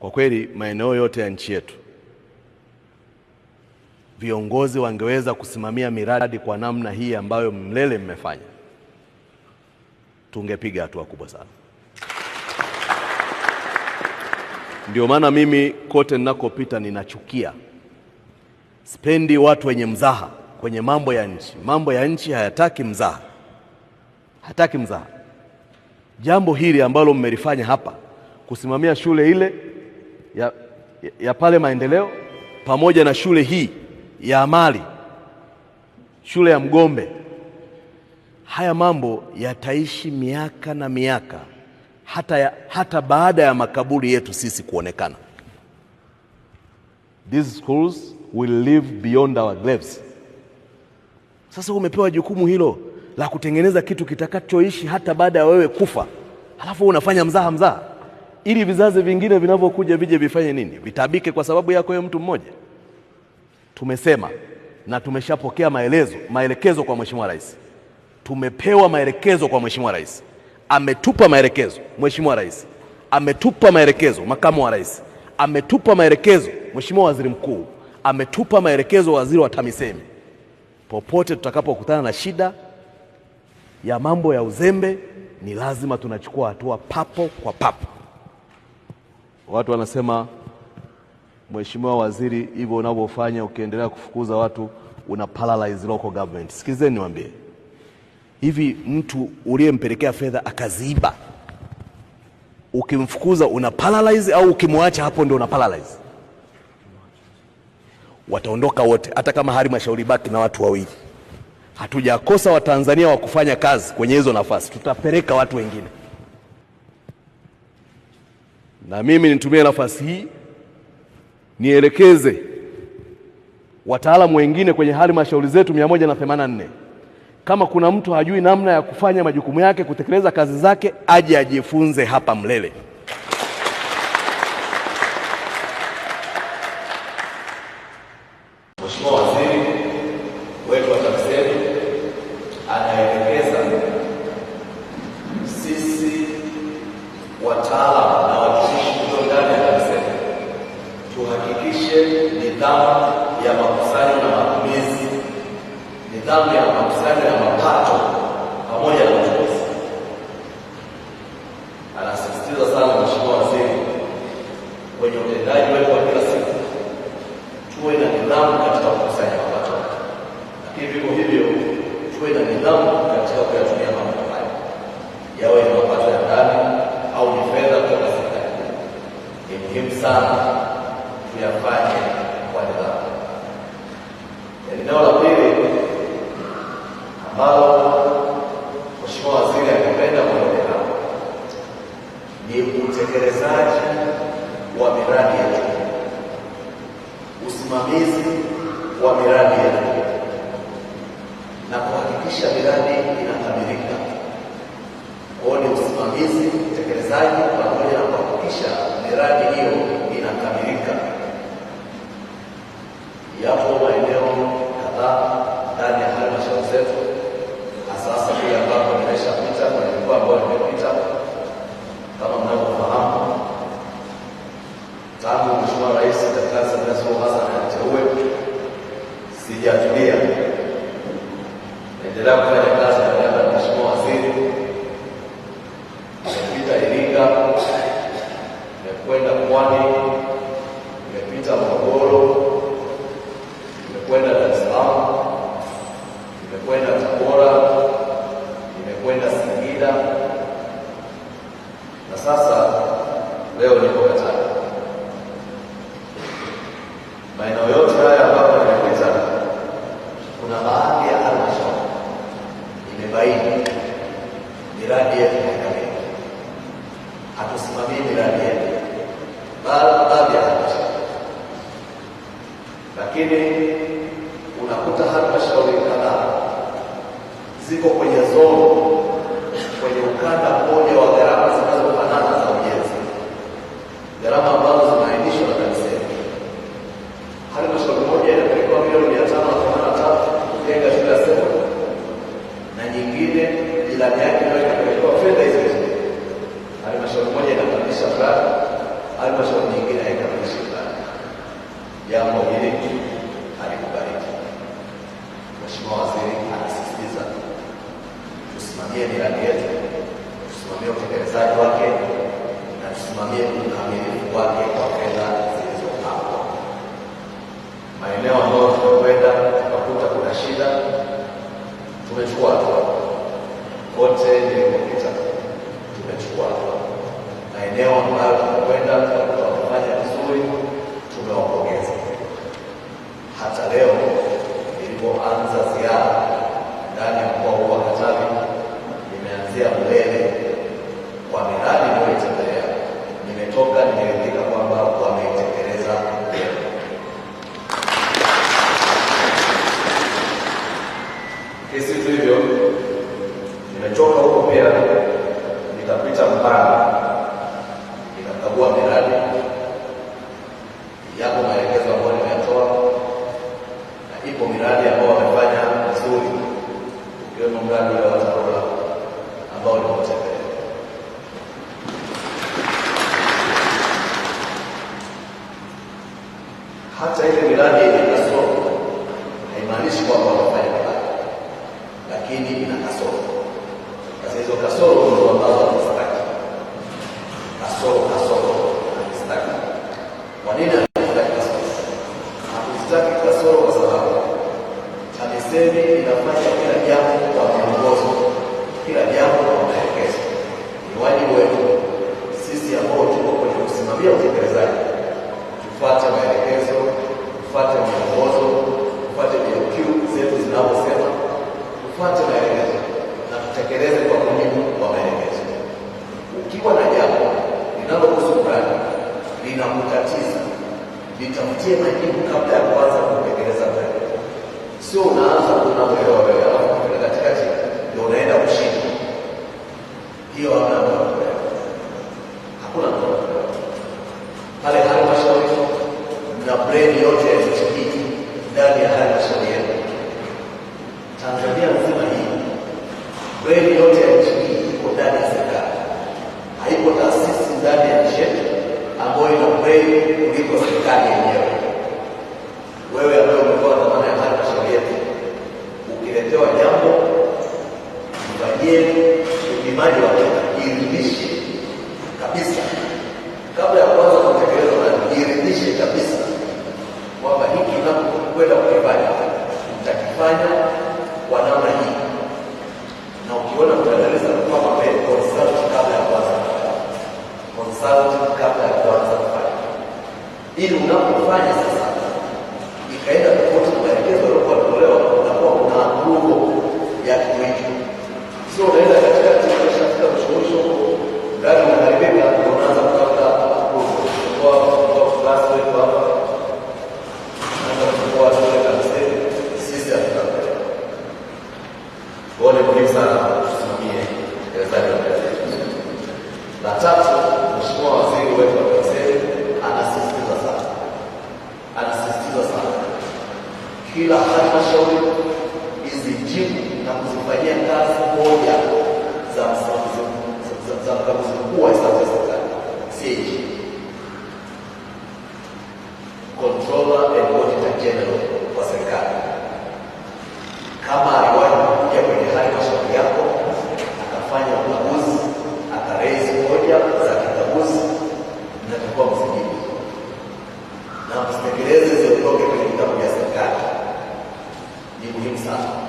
Kwa kweli maeneo yote ya nchi yetu viongozi wangeweza kusimamia miradi kwa namna hii ambayo Mlele mmefanya, tungepiga hatua kubwa sana. Ndio maana mimi kote ninakopita ninachukia, sipendi watu wenye mzaha kwenye mambo ya nchi. Mambo ya nchi hayataki mzaha, hataki mzaha. Jambo hili ambalo mmelifanya hapa, kusimamia shule ile ya, ya pale maendeleo pamoja na shule hii ya amali, shule ya Mgombe. Haya mambo yataishi miaka na miaka hata, ya, hata baada ya makaburi yetu sisi kuonekana. These schools will live beyond our graves. Sasa umepewa jukumu hilo la kutengeneza kitu kitakachoishi hata baada ya wewe kufa, halafu unafanya mzaha mzaha ili vizazi vingine vinavyokuja vije vifanye nini? Vitabike kwa sababu yako wewe mtu mmoja. Tumesema na tumeshapokea maelezo maelekezo kwa Mheshimiwa Rais, tumepewa maelekezo kwa Mheshimiwa Rais, ametupa maelekezo Mheshimiwa Rais, ametupa maelekezo makamu wa rais, ametupa maelekezo Mheshimiwa Waziri Mkuu, ametupa maelekezo waziri wa TAMISEMI. Popote tutakapokutana na shida ya mambo ya uzembe, ni lazima tunachukua hatua papo kwa papo. Watu wanasema Mheshimiwa Waziri, hivyo unavyofanya ukiendelea kufukuza watu una paralyze local government. Sikilizeni niwaambie, hivi mtu uliyempelekea fedha akaziiba, ukimfukuza una paralyze au ukimwacha hapo ndio una paralyze? Wataondoka wote, hata kama halmashauri baki na watu wawili. Hatujakosa watanzania wa kufanya kazi kwenye hizo nafasi, tutapeleka watu wengine na mimi nitumie nafasi hii nielekeze wataalamu wengine kwenye halmashauri zetu 184 kama kuna mtu hajui namna ya kufanya majukumu yake, kutekeleza kazi zake, aje ajifunze hapa Mlele. tuhakikishe nidhamu ya makusanyo na matumizi, nidhamu ya makusanyo na mapato pamoja na matumizi. Anasisitiza sana Mheshimiwa Waziri kwenye utendaji wetu wa kila siku, tuwe na nidhamu inakamilika. Kwao ni usimamizi, utekelezaji went up one lakini unakuta halmashauri kadhaa ziko kwenye zona waziri anasisitiza tusimamie miradi yetu, tusimamie utekelezaji wake na tusimamie ukamilifu wake kwa fedha zilizopangwa. Maeneo ambayo tumekwenda tukakuta kuna shida, tumechukua hatua. Kote nilipopita tumechukua hatua. Maeneo ambayo tumekwenda hata ile miradi yenye kasoro haimaanishi kwamba wanafanya mabaya, lakini ina kasoro. Sasa hizo kasoro ndio ambazo wanazitaki kasoro, kasoro anazitaki. Kwa nini anazitaki kasoro? Anazitaki kasoro kwa sababu TAMISEMI Reli yote ya nchi hii iko ndani ya serikali, haipo taasisi ndani ya nchi yetu ambayo ina reli kuliko serikali yenyewe. Wewe ambaye umepewa dhamana ya halmashauri yetu, ukiletewa jambo mfanyie upimaji wa kina, iridhishe kabisa kabla ya kuanza kutekeleza mradi, iridhishe kabisa kwamba hiki nakwenda kukifanya mtakifanya kwa namna sauti kabla ya kuanza kufanya, ili unapofanya sasa ikaenda tofauti maelekezo yaliokuwa tolewa, unakuwa kuna nguvu ya kitu hicho, sio unaenda katikati, ukishafika mshumusho ndani kila halmashauri izijibu na kuzifanyia kazi hoja za mkaguzi mkuu wa hesabu za serikali